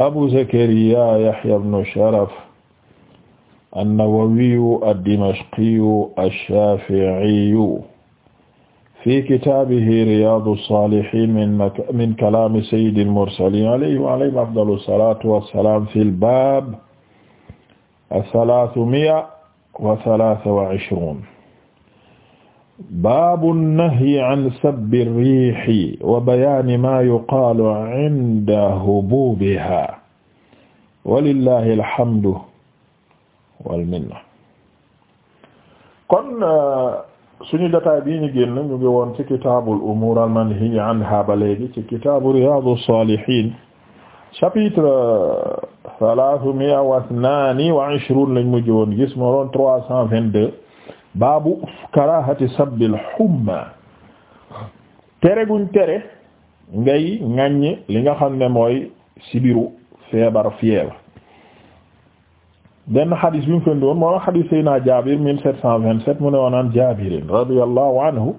abu zakariya yahya ibnu sharaf annawawiyu addimashqiyu alshafiiyu fi kitaabihi riyaadu saalihiin min min kalaami sayyidil mursaliin alayhi wa alayhim afdalu salaatu wa salaam fil baab asalaasumiya wa salaasa wa ishruun baabu nahyi an sabbi riixi wa bayaani maa yuqaalu inda hubuubihaa walillaahi alhamdu wal minna. kon uh, suñu jotaay bii ñu génn ñu ngi woon ci kitaabul umuur al manhiyyi anhaa ba léegi ci kitaabu riyaadu saalihiin chapitre salaasumi'a uh, wa isnaani wa ishruun lañ mujj woon gis moo doon trois cent vingt-deux baabu karahati sabbil humma tere guñ tere ngay ŋàññi li nga xam ne mooy sibiru feebar fièvre benn xadis bi mu fen doon moo na jabir mille mu ne woonaan jabirin radiyallahu anhu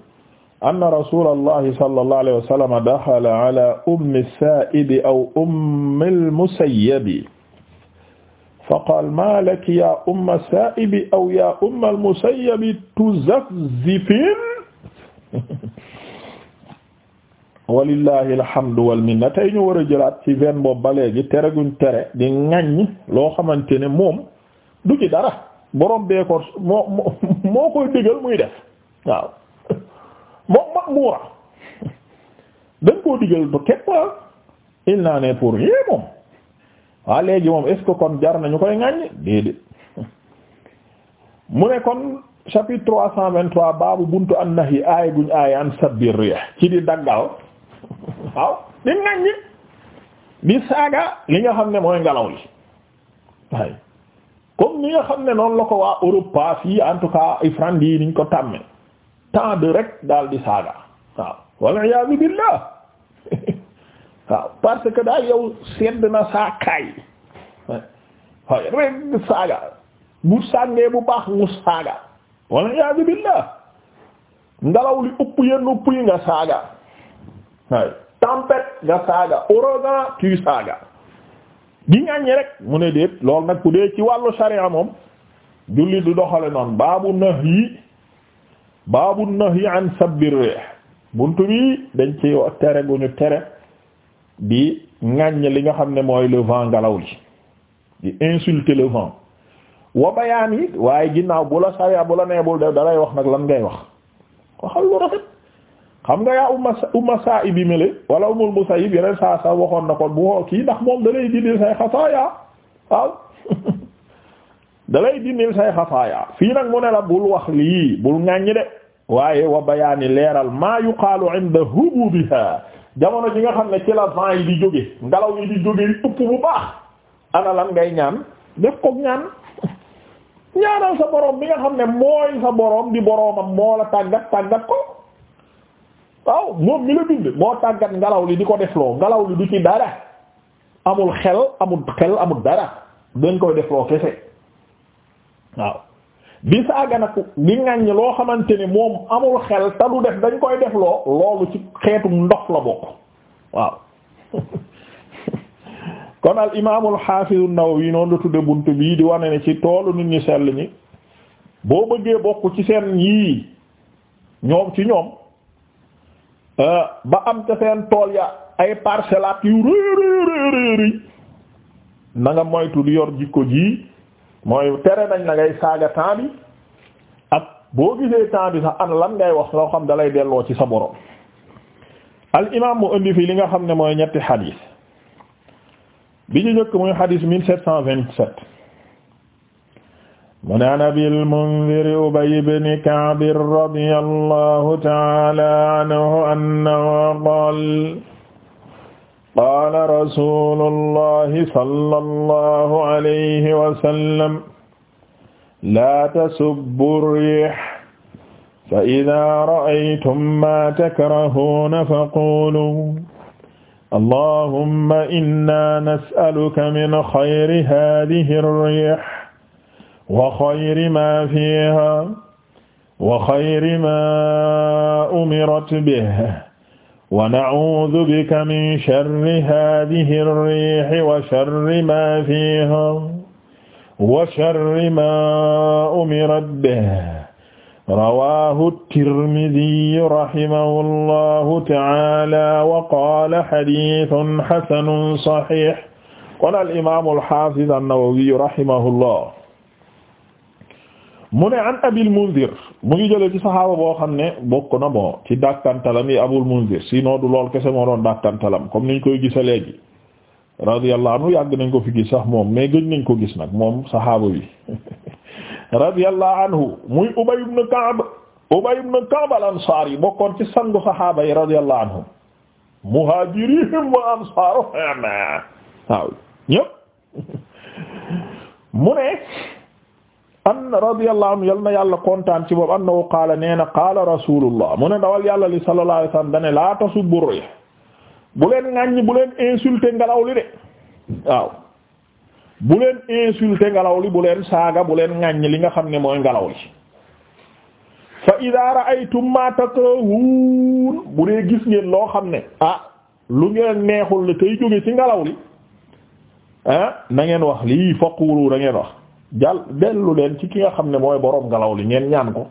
anna rasulallahi sallallahu alayhi wa sallam daxala ala ummi saa'ib aw ummi al faqal ma laki ya umma saaibi aw ya umma almusayyabi tuzafzifin walillahi alhamdu walminna tey ñu war a jëlaat ci benn boobu ba léegi tere guñ tere di ŋaññ loo xamante ne moom du ci dara borom bee ko moo moo koy digal muy def waaw moom ma'muura dañ koo digal du képp ah. il n'en est pour rien moom waaw ah, léegi moom est-ce que kon jar nañu koy ŋàññ déedéet mu ne kon chapitre trois cent vingt-trois baabu buntu an nahyi aaya guñ aaya an sabbi rih ci di daggal waaw di ŋàññ di saaga li nga xam ne mooy ngelaw li waaye comme ni nga xam ne noonu la ko waa Europe pas fii en tout cas ifrand yi niñ ko tàmme temps de rek daal di saaga waaw wal iyaadu billah waaw parce que daal yow sedd na saa kaay rek saaga bu sàngee bu baax mu saaga walla iyaazu billaah ngelaw li ëpp yenn ëpp yi nga saaga waaw tempête nga saaga ouragan tu saaga di ñàññi rek mu ne déet loolu nag ku dee ci wàllu sharia moom julli du doxale noonu baabu nahyi baabu nahyi an sabbir buntu bi dañ ci tere gu ñu tere di ŋàññ li nga xam ne mooy le vent ngelaw li di insulter le wa bayaan waaye ginnaaw bu la sariya bu la nee def dalay wax nag lan ngay wax waxal lu rafet xam nga yaa umma umma saa ibi mele wala umul musayib yeneen saa saa waxoon na ko bu xoo kii ndax moom dalay dindil say xasaaya waaw dalay dindil say xasaaya fii nag mu ne la bul wax lii bul ŋàññ de waaye wa bayaani leeral maa yuqaalu inda hububiha jamono ji nga xam ne ci la yi di jóge ngelaw yi di jóge upp bu baax ana ngay ñaan def ko ñaan ñaanal sa borom bi nga xam ne mooy sa borom di boromam moo la tàggat tàggat ko waaw moom mi la bind moo tàggat ngelaw li di ko defloo ngelaw li du ci dara amul xel amul xel amul dara dañ koy defloo kese waaw bi saaga nag di ŋàññ loo xamante ni moom amul xel te du def dañ koy def loo loolu ci xeetu ndox la bokk waaw kon al imaamul xaafizu yi noonu la tudde bunt bii di wane ne ci toolu nit ñu sell ñi boo bëggee bokk ci seen yii ñoom ci ñoom euh, ba am ca seen tool ya ay parcelles yu rëy rëy rëy na nga moytu di yor jikko ji mooy tere nañ la ngay saaga temps bi ak boo gisee temps bi lan ngay wax loo xam dalay delloo ci sa borom al imaam mu indi fi li nga xam ne mooy ñetti xadiis bi ñu njëkk muy xadiis mille sept cent vingt-sept mu ne an abil munzir ubay ibn ka'b radiyallahu ta'ala anhu annahu qaala qaala rasuulullahi sallallahu alayhi wa sallam laa tasubbu riix fa idaa ra'aytum maa takrahuuna faquuluu allahumma innaa nas'aluka min xayri haadihi riix wa xayri maa fiihaa wa xayri maa umirat bihi wa na'uudu bika min sharri haadihi ar-riihi wa sharri maa fiihaa wa sharri maa umirat bihi rawaahu tirmidiyu rahimahullahu ta'aala wa qaala hadiisun hasanun sahiih qaala al-imaamu al-haafiz an-nawawiyu rahimahullah mu ne an abil munzir mu ngi jëlee ci saxaaba boo xam ne bokk na bon ci dàkkantalam yi abul munzir sinon du lool kese moo doon dàkkantalam comme niñ koy gisa léegi radiyallahu anhu yàgg nañ ko fi gis moom mais gëj nañ ko gis nag moom saxaaba bi radiyallahu anhu muy ubay ibn ka'b ubay al ansari bokkoon ci sangu saxaaba yi radiyallahu anhum muhajirihim wa ansaaruhum waaw ñëpp mu ne an radiyallahu anhu yal na yàlla kontaan ci boobu annahu qaala nee na qaala rasulullah mu ne dawal yàlla li sallallahu alayhi wasallam dane laa tasubbu rih bu leen ŋàññ bu leen insulté ngelaw li de waaw bu leen insulté ngelaw li bu leen saaga bu leen ŋàññ li nga xam ne mooy ngelaw li fa idaa ra'aytum maa takrahuun bu dee gis ngeen loo xam ne ah lu ngeen neexul le tey jóge ci ngelaw li ah na ngeen wax lii faqulu na ngeen wax jàll dellu leen ci ki nga xam ne mooy boroom ngelaw li ngeen ñaan ko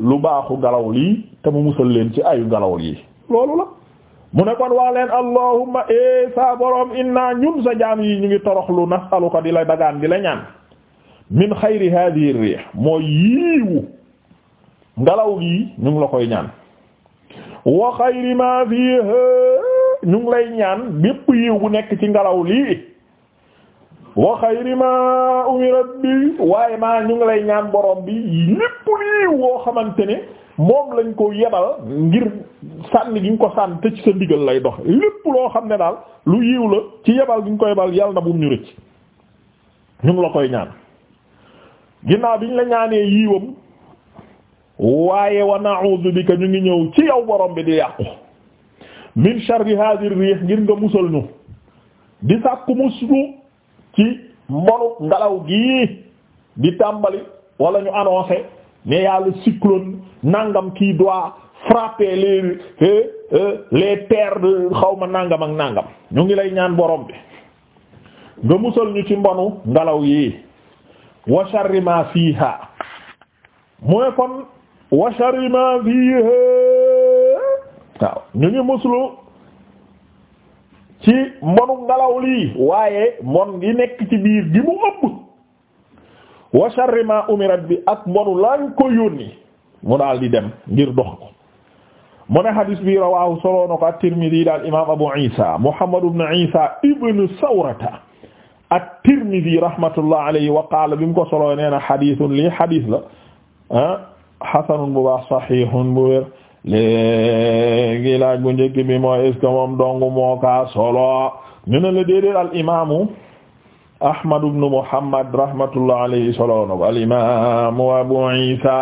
lu baaxu ngelaw lii te mu musal leen ci ayu ngelaw lii loolu la mu ne kon wax leen allahumma e sa boroom inna ñun sa jaam yi ñu ngi toroxlu nasaluka di la dagaan di la ñaan min xayri hadhihi rih mooy yiiwu ngelaw lii ñu ngi la koy ñaan wa xayri ma fiha ñu ngi lay ñaan bépp yiiw bu nekk ci ngelaw lii wa xayri umirat bi waaye maa ñu ngi lay ñaan borom bi lépp lii woo xamante ne moom lañ ko yebal ngir sànni gi nga ko sànni te ci sa ndigal lay dox lépp loo xam ne daal lu yiw la ci yebal gi nga ko yebal yal na bum ñu rëcc ñu ngi la koy ñaan ginnaaw biñ la ñaanee yiiwam waaye wa na'udhu bika ñu ngi ñëw ci yow borom bi di yàqu min sharri hadir riih ngir nga musal ñu di sàkku muslu ci mbonu ngelaw gii di tàmbali walla ñu annoncé ne yàlla a le cyclone nangam qui doit frapper les euh, euh, les terres xawma nangam ak nangam ñu ngi lay ñaan borom bi nga musal ñu ci mbonu ngelaw yi wa fii ma fiha mooy kon wa sharri ma waaw ñu ngi muslu ci mbonu ngelaw lii waaye mbon gi nekk ci biir gi mu ëpp wa sharri ma umirat bi ak mbonu lañ ko yónni mu daal di dem ngir dox mon mu ne hadis bi rawahu soloo na ko at-Tirmidhi daal imam Abu Isa Muhammad ibn Isa ibn Sawrata at-Tirmidhi rahmatullah alayhi wa qaala bi mu ko soloo nee na hadithun la ah hasanun bu baax sahihun bu wér léegi laaj bu njëkk bi mooy est-ce que moom dong moo ka solo ñu ne la déedéet al imaamu Ahmad ibn Muhammad rahmatullah alayhi solo no al imaamu Abu Isa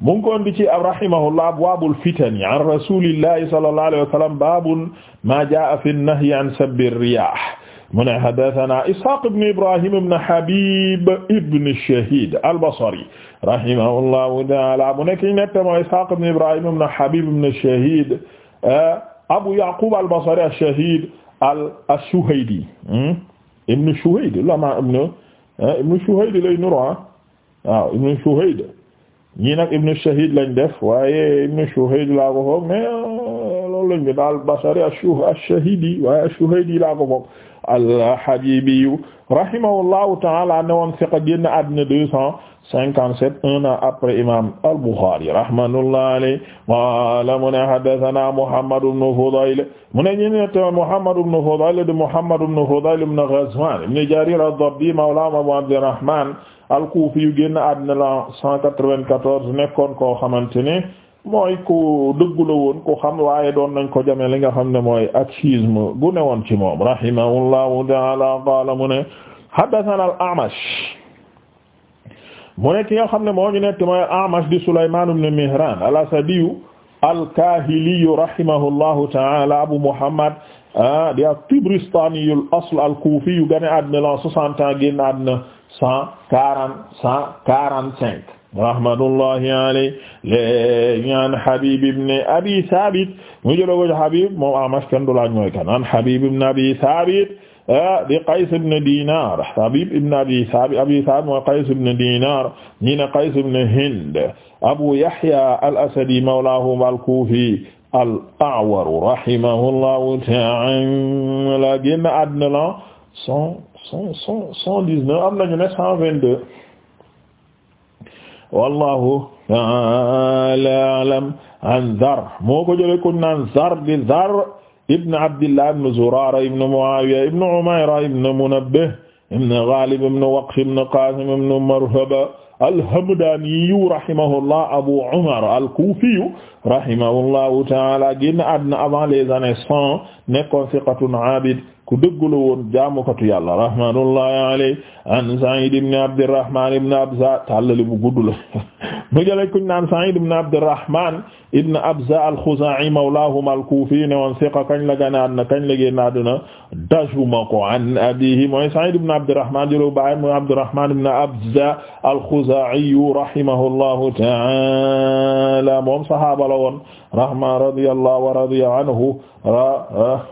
mu ngi ko indi ci rahimahullah abwaabul fitani an rasulillahi sallallahu alayhi wa sallam baabun maa jaa'a fi nnahyi an sabbi riyah mu ne haddathana Ishaq ibn Ibrahim ibn Habib ibn Shahid al-Basri rahimahullahu ta'ala mu nekk net mooy Ishaq ibn Ibrahim ibn Habib ibn Shahid eh, Abu Ya'qub al-Basri ash-Shahid al-Shuhaydi hmm? ibn Shuhayd la ma ibn eh, ibn Shuhayd lay nuru ah? waaw ibn Shuhayd ñii nag ibn Shahid lañ def waaye ibn Shuhayd laa ko foog mais eh, loolu lañ bi daal Basri ash-Shuhaydi waaye ash-Shuhaydi laa ko foog al-Habibiyu rahimahullahu ta'ala newoon siqa génn àddina deux cent cinquante-sept un an après imam al-Bukhari rahmatullahi alayhi wala mu ne haddathana Muhammad ibn Fudayl mu ne ñu net Muhammad ibn Fudayl de Muhammad ibn Fudayl ibn Ghazwan ibn Jarir ad-Dabbi mawla Abu Abdirrahman al-Kufi yu génn àddina la cent quatre-vingt-quatorze nekkoon koo xamante ne mooy ku dëggu la woon ku xam waaye doon nañ ko jame li nga xam ne mooy ak schisme gu ne woon ci moom rahimahullahu ta'ala qaala mu ne haddathana al-A'mash mu ne ki nga xam ne moo ñu nekk mooy al-A'mash di Sulaymaan ibn Mihraan al-Asadiyu al-Kaahiliyu rahimahullahu ta'ala Abu Muhammad ah, di at-Tibristaniyu al-asl al-Kuufiyu gane àddina la 60 ans génn àddina 140 145 rahmatullahi alayhi léegi an Habib ibn Abi Thabit mu jëlo ko Habib moom Amash kenn du laaj mooy kan an Habib ibn Abi Thabit ah, di Qays ibn Dinar Habib ibn Abi Thabit Abi Thabit mooy Qays ibn Dinar ñi ne Qays ibn Hind Abu Yahya al-Asadi mawlahum al-Kufi al-A'war rahimahullahu ta'ala génn àddina la cent cent cent dix-neuf am nañu ne cent vingt-deux wallahu ta'ala a'lam an Zarr moo ko jëlee kon naan Zarr di Zarr ibn Abdillah ibn Zurara ibn Muawiya ibn Umayra ibn Munabbih ibn Ghalib ibn Waqsh ibn Qasim ibn Marhaba al-Hamdani rahimahullah Abu Umar al-Kufi rahimahullahu ta'ala génn àddina avant les années 100 nekkoon siqatun abid ku dëggu la woon jaamukatu yàlla rahmatullahi alayhi an Sa'id ibn Abdurrahman ibn Abza tàllali bu gudd la mu jëlee kuñ naan Sa'id ibn Abdurrahman ibn Abza al-Khuza'i mawlahum al-Kufi ne woon siqa kañ la ganaat na kañ la génn àdduna dajuma ko an abihi mooy Sa'id ibn Abdurrahman jëloo baay mooy Abdurrahman ibn Abza al-Khuza'i rahimahullahu ta'ala ta'ala moom sahaaba la woon rahma radiyallahu wa radiya anhu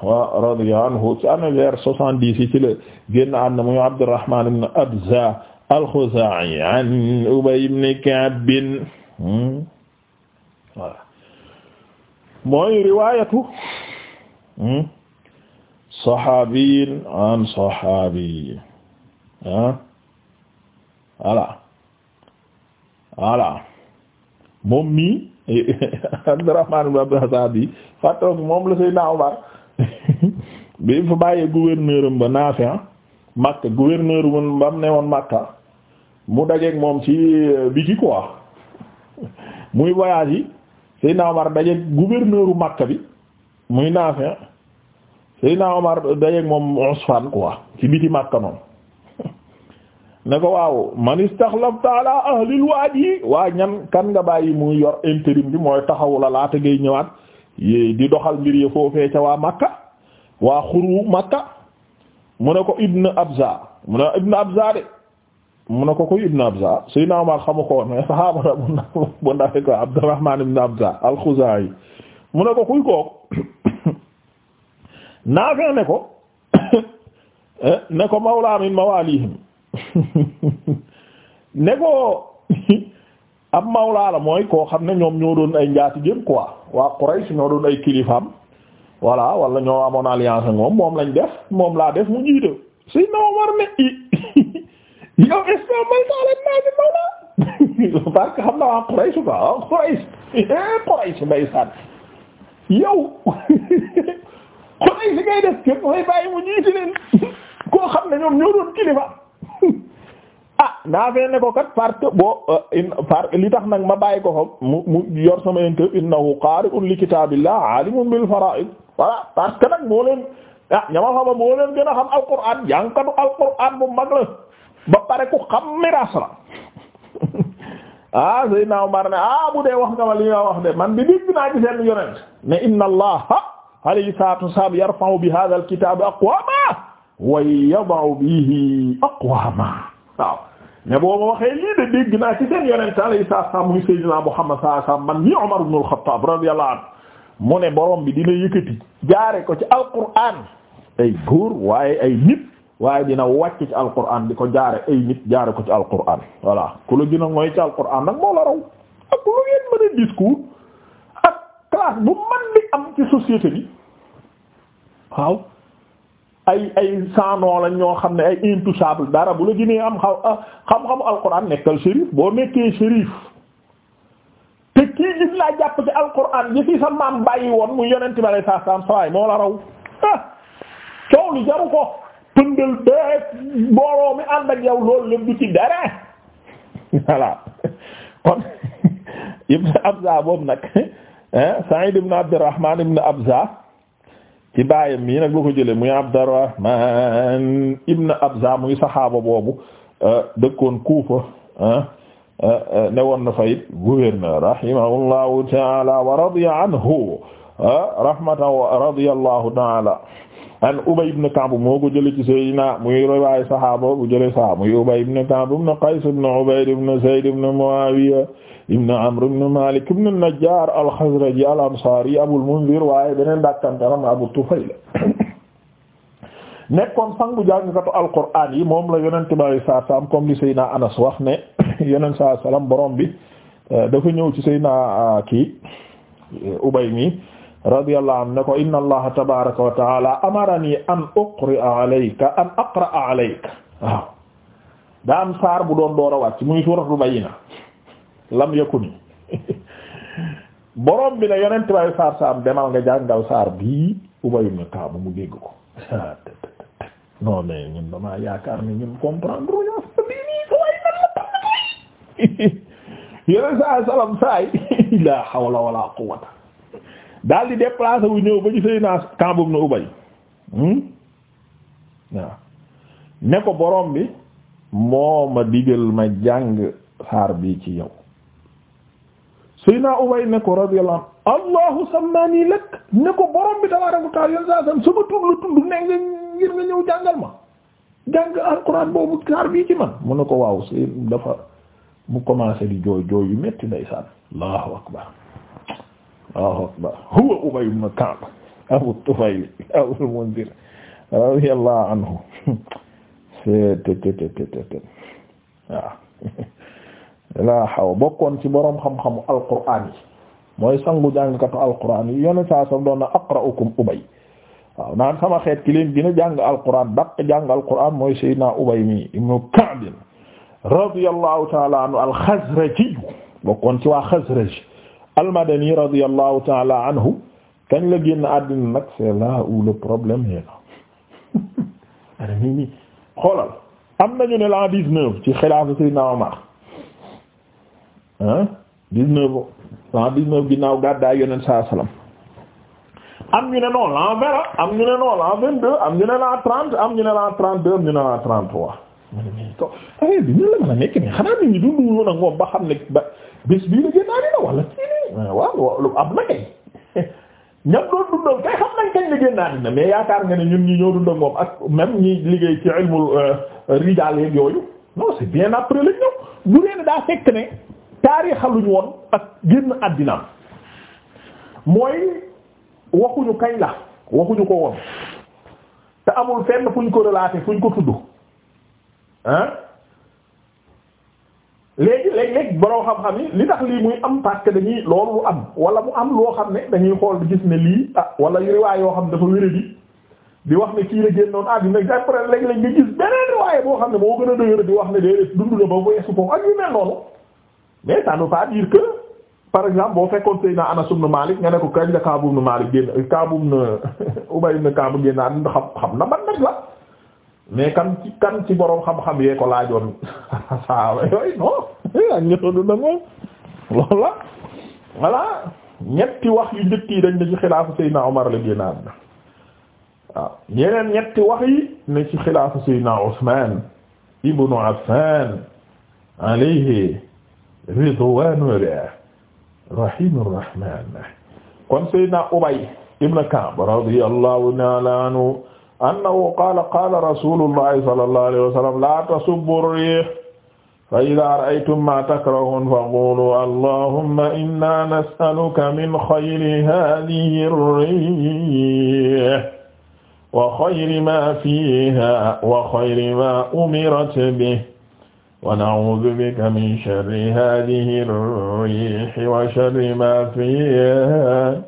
wa radiya anhu ci année vers soixante-dix yi ci la génn àddina muy Abdurrahman ibn Abza al-Khuzaa'i an Ubay ibn Ka'b hmm, voilà mooy riwaayatu hmm, saxaabiyin an saxaabiyin ah voilà voilà moom mii Abdurrahman ibn Abdul Asad moom la Seydina Omar bi fa bàyyee gouverneur am ba Nafi' Makka gouverneur mu ne woon Makka mu dajeeg moom ci euh, biti quoi muy voyage yi Seydina Omar dajeeg gouverneur u bi muy Nafi' Seydina Omar dajeeg moom Usfan quoi ci biti Makka noonu ne ko waaw man istaxlafta ala ahlil waad yi waa ñan kan nga bàyyi muy yor intérim bi mooy taxawu la laata ngay ñëwaat yi di doxal mbir yi foofee ca waa Makka waa xuru Makka mu ne ko Ibn Abza mu ne Ibn Abza ne ko ko Ibn Abza Seydina Umar xamu ko woon mais sahaba la bu ndaw bu Ibn Abza al mu ne ko kuy kooku naafe ne ko eh, ne ko mawla min mawaalihim ne ko ab mawlaa mooy koo xam ne ñoom ñoo doon ay njaatigéem quoi waa Quraysh ñoo doon ay kilifaam voilà wala ñoo amoon alliance ak moom moom lañ def moom laa def mu jiite si na war ne i yow est ce que may taaleen naa bi mawlaa parce que xam na waa Quraysh quoi waa Quraysh eh, Quraysh bay sànn yow Quraysh xam ne ñoom ñoo doon kilifaam ah naa fee ne ko kat parce que boo euh, li tax nag ma bàyyi ko xam mu mu yor sama inter innahu qari'un li kitaabillah alimun bil fara'id voilà parce que nag moo ah ñama xama moo leen gën a xam alquran jànkatu mag la ba pare ku xam miraas la ah Seydina Omar ne ah bu dee wax nga ma li nga wax de man bi dégg naa ci seen yonent ne inna allaha alayhi salatu wassalam yarfa'u bi hadha alkitabi aqwama wa yada'u bihi aqwama ne boo ma waxee lii de dégg naa ci seen yonent alayhi salaam muy Seydina Muhammad sallallahu alayhi man ni Umar ibn al-Khattab radiyallahu mu ne borom bi dina yëkkati jaare ko ci alquran ay góor waaye ay nit waaye dina wàcc ci alquran di ko jaare ay nit jaare ko ci alquran voilà ku la gën a mooy ci alquran nag moo la raw ak lu ngeen mën a discours ak classe bu man di am ci société bi waaw ay ay saanoo lañ ñoo xam ne ay intouchable dara bu la gënee am ah, xam-xamu alquran nekkal shérif boo nekkee shérif te kii gis laa jàpp ci alquran yi fi sa maam bàyyi woon mu yonent bi alay saa moo la raw ah jaru ko tëndal bee mbooloo ànd ak yow loolu lépp du ci dara voilà kon ibn abza boobu nag Sa'id ibn Abdurrahman ibn ci baayam mii nag la ko jëlee muy Abdurrahman ibn Abza muy saxaaba boobu euh, dëkkoon Kuufa euh, euh, ne woon na fayit gouverneur rahimahullahu ta'ala wa radiya anhu rahmatan wa radiyallahu ta'ala an Ubay ibn Ka'b moo ko jëlee ci Seydina muy riwaaya saxaaba bu jëlee saa muy Ubay ibn Ka'b ibn Qays ibn Ubayd ibn Zayd ibn Muawiya ibn Amr ibn Malik ibn an-Najjar al-Khazraji al-Ansari waaye beneen dakkantaram Abu Tufayl nekkoon sangu jàngkatu yi moom la yonent bi saa saam comme Seydina Anas wax ne yonent saa salaam bi dafa ñëw ci Seydina ah, kii Ubay mi radiyallahu anhu ne ko inna allaha amarani an uqri'a alayka an aqra'a alayka waaw saar bu doon door a muy suuratul bayyina lam yakuni borom bi ne yonent bay saar saam demal nga jàngal saar bii Ubay ibn Ka'b mu dégg ko non mais salam saay la hawla wala quwwata daal di déplacé wu ñëw ba ci Seydina Kaab ibn Ubay hmm? waaw ne ko borom bi moo ma digal ma jàng saar bi ci yow Seydina Ubay ne ko radiyallahu allahu sammani lak ne ko borom bi tabaaraka wa ta'aala yoon saa sam sama tudd la tudd ne nga ngir nga ñëw jàngal ma jàng alquran boobu saar bii ci man mu ne ko waaw si dafa mu commencé di jooy jooy yu metti ndeysaan allahu akbar Allahu akbar huwa Ubay ibn Ka'b Abu Tufayl Abul Munzir radiyallahu anhu la xaw bokkoon ci boroom xam-xamu alquraan yi mooy sangu jàngkatu alquraan yi yone saa sam doon na aqra'ukum Ubay waaw naan sama xeet ki leen gën a jàng alquraan daq jàng alquraan mooy Seydina Ubay mi ibn Ka'b radiyallahu ta'ala anhu al-Khazraji bokkoon ci waa Khazraj almadani radiyallahu taala anhu kañ la génn àddina nag c'est là où le problème est ana nii nii xoolal am nañu ne l'an dix-neuf ci xilaafa Seydina Omar hein dix-neuf l'an dix-neuf ginnaaw gàddaay yonent saa salaam am ñu ne non l'an vingt am ñu ne non l'an vingt-deux am ñu ne l'an trente am ñu ne l'an trente-deux am ñu ne l'an trente-trois bi ñu la mën a nekk mais xanaa nit ñi dundu woon ak moom ba xam ne ba bés bii la génn àddina wala waaw am na kay ñam doon dundal kay xam nañ kañ la génn àddina mais yaakaar nga ni ñun ñi ñoo dundal moom ak même ñi liggéey ci ilmul euh, rijaal yeeg yooyu non c'est bien après lañ ñëw bu dee daa fekk ne taarixaluñ woon ak génn àddinaam mooy waxuñu kañ la waxuñu ko woon te amul fenn fuñ ko relaté fuñ ko tudd ah. léegi léeg-léeg borom xam-xam yi li tax lii muy am parce que dañuy loolu lu am wala mu am loo xam ne dañuy xool bi gis ne lii ah wala riwaay yoo xam dafa wéradi di wax ne kii la génnoon ah dina après léeg-léeg nga gis beneen riwaay boo xam ne moo gën a dëgër di wax ne déedéet dund na ba weesu foofu ak yu mel noonu mais ça ne veut pas dire que par exemple boo fekkoon Seydina Anas ibn Malik nga ne ko kañ la Kaab ibn Malik génn Kaab ibn Ubay ibn Kaab génn naa xam xam na ban nag mais kan ci kan ci boroom xam-xam yee ko laajoon saaba yooyu non eh, ak ñëtadu na moom loolu la voilà ñetti wax yu njëkk dañ ne ci xilaafu Seydina Omar la génn àddina yeneen ñetti wax yi ne ci xilaafu Seydina Usmaan ibnu Affaan alayhi ridwaanu rahiimu rahmaan kon Seydina Ubay ibnu Ka'b radiyallahu ta'ala anhu annahu qaala qaala rasulullahi sallallahu alayhi wa sallam la tasubbu rih fa idha ra'aytum ma takrahun faqulu allahumma inna nas'aluka min khayri hadhihi rih wa khayri ma fiha wa khayri ma umirat bihi wa na'udhu bika min sharri hadhihi rih wa sharri ma fiha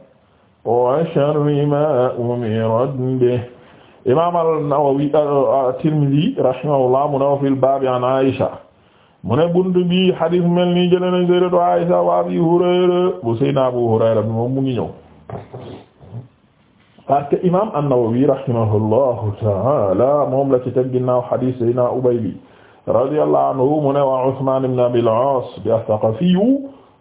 wa sharri ma umirat bihi imaam an-Nawawi euh, at-Tirmidhi rahimahullah mu ne wa fil baabi an Aisha mu ne buntu bi hadith mel nii jëlee nañ sayyidatu Aisha wa Abi Hurayra bu Seydina Abu Hurayra bi moom mu ngi ñëw parce que imaam an-Nawawi rahimahullahu ta'ala moom la ci teg ginnaaw hadith Seydina Ubay bi radiyallahu anhu mu ne wa Uthman ibn Abil As bi as-Saqafi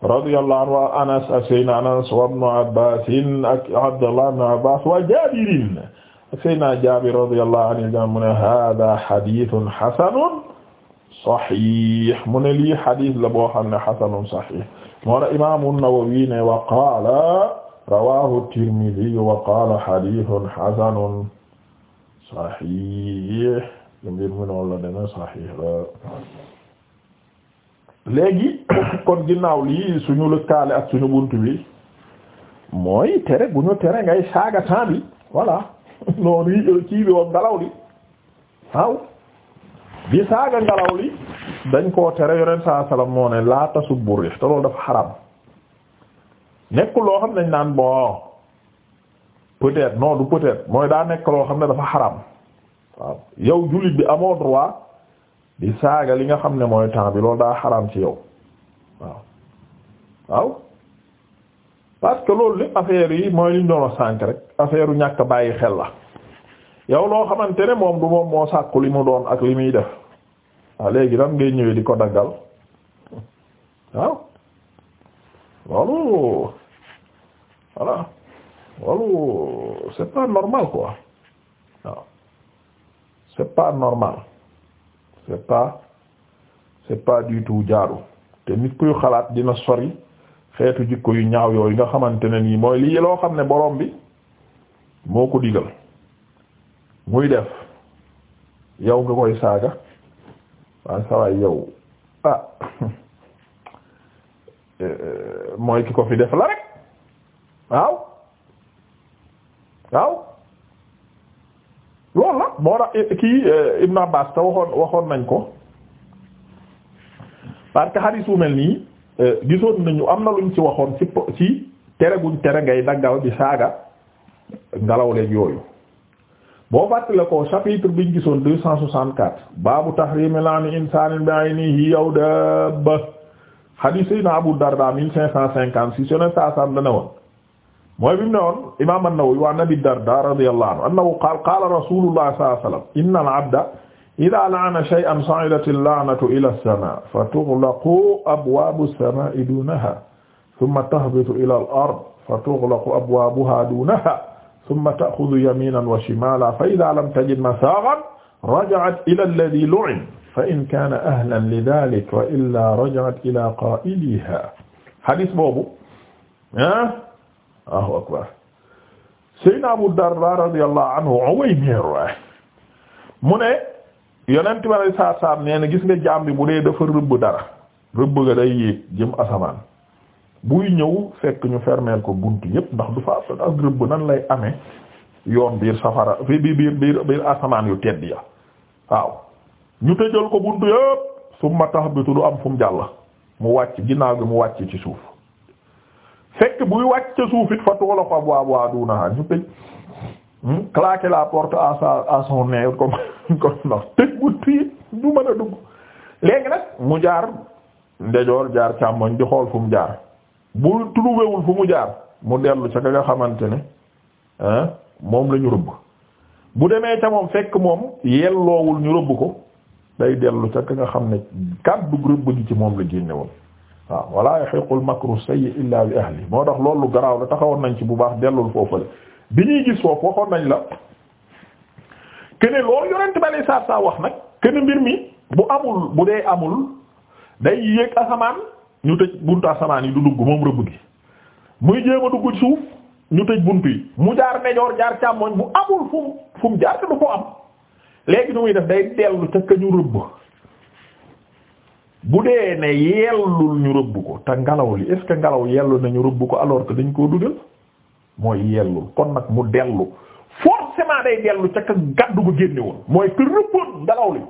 radiyallahu anhu wa Anas ak Seydina Anas wa Ibn Abbas ak Abdullah ibn Abbas wa Jabir Seydina Jaabir radiyallahu anhu mu ne haaza hadiisun hasanun saxiix mu ne lii xadis la boo xam ne hasanun saxiix moo la imaamu Nawawi ne wa qaala rawaahu Tirmidi wa qaala hadiisun hasanun saxiix mbir mi noonu la dana saxiix la léegi kon ginnaaw lii suñu lëkkaale ak suñu bunt bi mooy tere bu ñu tere ngay saaga temps bi voilà noonu euh, kii bi woon ngelaw li waaw bi saaga ngelaw li dañ koo tere yoneen saa salaam moo ne laa tasubbu riix te loolu dafa xaram nekkul loo xam ne dañ naan bon peut-être mooy daa nekk loo xam ne dafa xaram waaw yow jullit bi amoo droit di saaga li nga xam ne mooy temps bi loolu daa xaram ci yow waaw waaw parce que loolu lépp affaire yi mooy li ñu doon sànk rek affaire u ñàkk bàyyi xel la yow loo xamante ne moom du moom moo sàkku li mu doon ak li muy def waaw léegi lan ngay ñëwee di ko daggal waaw loolu voilà loolu c'est pas normal quoi waaw c'est pas normal c'est pas c'est pas du tout jaaru te nit kuy xalaat dina sori. xeetu jikko yu ñaaw yooyu nga xamante ne nii mooy lii loo xam ne borom bi moo ko digal muy def yow nga koy saaga waaye sawaay yow ah eh, eh, mooy ki ko fi def la rek waaw waaw loolu la moo tax eh, kii Ibn Abbas te waxoon waxoon nañ ko parce que mel nii gisoon nañu am na luñ ci waxoon ci ci tere guñ tere ngay daggal bi saaga ngelaw leeg yooyu boo fàttale ko chapitre biñ gisoon deux cent soixante-quatre baabu tahrimi laani insaanin bi aynihi aw dabba hadith sayna Abu Darda mille cinq cent cinquante dana woon mooy bi ne woon imam an-Nawawi wa Darda radiyallahu anhu annahu qaala qaala rasulullah sallallahu alayhi inna al-abda ida laana shay'an sa'idat al-la'natu ila as-samaa fa tughlaqu abwaabu as-samaa'i duunahaa thumma tahbitu ila al-ard fa tughlaqu abwaabuhaa duunahaa thumma ta'khudhu yamiinan wa shimaalan fa idaa lam tajid masaaghan raja'at ila alladhii lu'ina fa in kaana ahlan lidhaalika wa illaa raja'at ilaa qaa'ilihaa hadis boobu ah Allahu akbar Sayyidinaa Abu Dardaa radiyallaahu anhu mu ne yeneen bi alay saat salam na gis nga jaam bu dee dafa rëbb dara rëbb ga day yéeg jëm asamaan buy ñëw fekk ñu fermeel ko bunt yépp ndax du fa nan lay amee yoon biir safara fi biir biir biir asamaan ya waaw ñu tëjal ko bunt yépp summa tahbitu du am fu mu jàll mu wàcc ginnaaw gi mu wàcc ci suuf fekk buy wàcc ca suuf it fa tuwala ko ab waa waa duunaha ñu tëj Hmm? claquer la porte à sa à son nez comme comme ndox tëj bunt du mën a dugg léegi nag mu jaar ndejoor jaar càmmoñ di xool fu mu jaar bu trouvéwul fu mu jaar mu dellu ca ka nga xamante ne ah moom la ñu rëbb bu demee ca moom fekk moom yelloowul ñu rëbb ko day dellu ca ka nga xam ne kàddu rëbb gi ci moom la génne woon waaw wala yahiqul makru sayyi illa bi ahli moo tax loolu lu garaaw la taxawoon nañ ci bu baax dellul foofale bi ñuy gis foofu waxoon nañ la kene loolu yonent bale saa wax nag kene mbir mi bu amul bu dee amul day yéeg asamaan ñu tëj buntu asamaan yi du dugg moom rëbb gi muy jéem a dugg suuf ñu tëj bunt yi mu jaar nejoor jaar càmmoñ bu amul fu mu fu mu jaar te du ko am léegi nu muy def day dellu ca kañu rëbb bu dee ne yellul ñu rëbb ko te ngelaw li est ce que ngelaw yellu nañu rëbb ko alors que dañ koo dugal mooy yellul kon nag mu dellu forcément day dellu ca ka gàddu gu génne woon mooy que rëppoon ngelaw li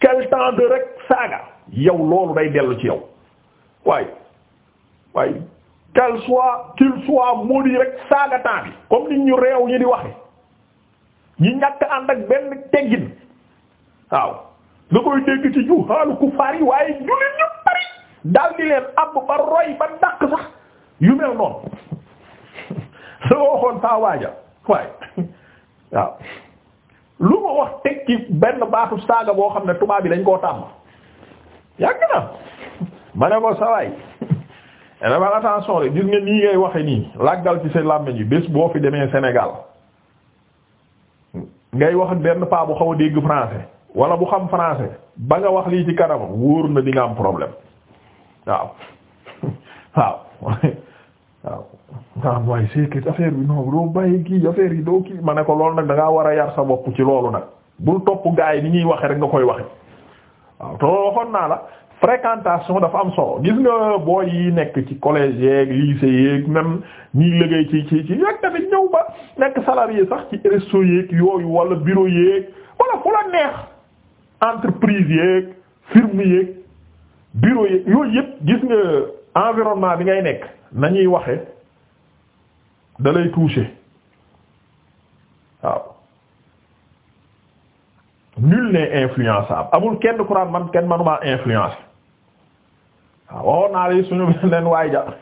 quel temps de rek saaga yow loolu day dellu ci yow waaye waaye quel soit qu'il soit maudit rek saaga temps bi comme nit ñu réew ñi di waxe ñi ñàkk ànd ak benn teggin waaw nga koy dégg ci ju xaalu kufaar yi waaye jullit ñu bari daal leen àbb ba roy ba dàq sax yu mel noonu la waxoon saa waaja waaye waaw lu ma wax teg ci benn baatu saaga boo xam ne tubaab yi dañ koo tàmm yàgg na ma ne ko sawaay eh, defal attention rek gis nga nii ngay waxe nii làggal ci sa làmmiñ yi bés boo fi demee Sénégal ngay wax benn paa bu xaw a dégg français wala bu xam français ba nga wax lii ci kanamam wóor na di am problème waaw waaw waaw nga am waaye c'est que bi non doo bàyyi kii affaire yi doo kii mane ko loolu nag da war a yar sa bopp ci loolu nag bul topp gaa yi ni ñuy waxe rek nga koy waxe waaw te waxoon naa la fréquentation dafa am solo gis nga booy yi nekk ci collège yeeg lycée yeeg même ñiy liggéey ci ci ci yeeg nekk salarié sax ci resto yooyu wala bureau yeeg wala fu la neex entreprise yeeg firme yeeg bureau yeeg yooyu yëpp gis nga environnement bi ngay nekk nañuy waxe da lay waaw nul n'est influençable amul kenn ku naan man kenn manuma influencer waaw waxoon naa la suñu beneen waay ja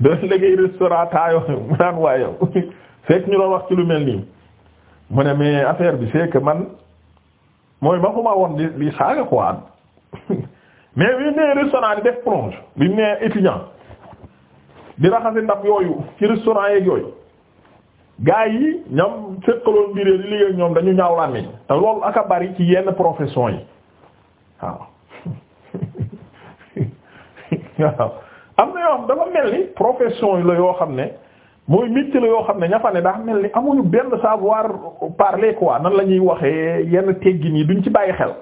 doon liggéey restaurant taayo mu naan waaye fekk ñu doon wax ci lu mel nii mu ne mais affaire bi c'est man mooy ma xuma woon di di saaga quoi mais bi mu nee restaurant di def plonge bi mu nee di raxasi ndab yooyu ci restaurant yeeg yooyu gars yi ñam sëqaloon mbirée liggéey ñoom dañu ñaaw làmmiñ te ak a bari ci yenn profession yi waaw waaw am na yoo xam dafa mel ni profession yi la yoo xam ne mooy métier la yoo xam ne ña fa ne daa mel ni amuñu benn savoir parler quoi nan la ñuy waxee yenn teggin yi duñ ci bàyyi xel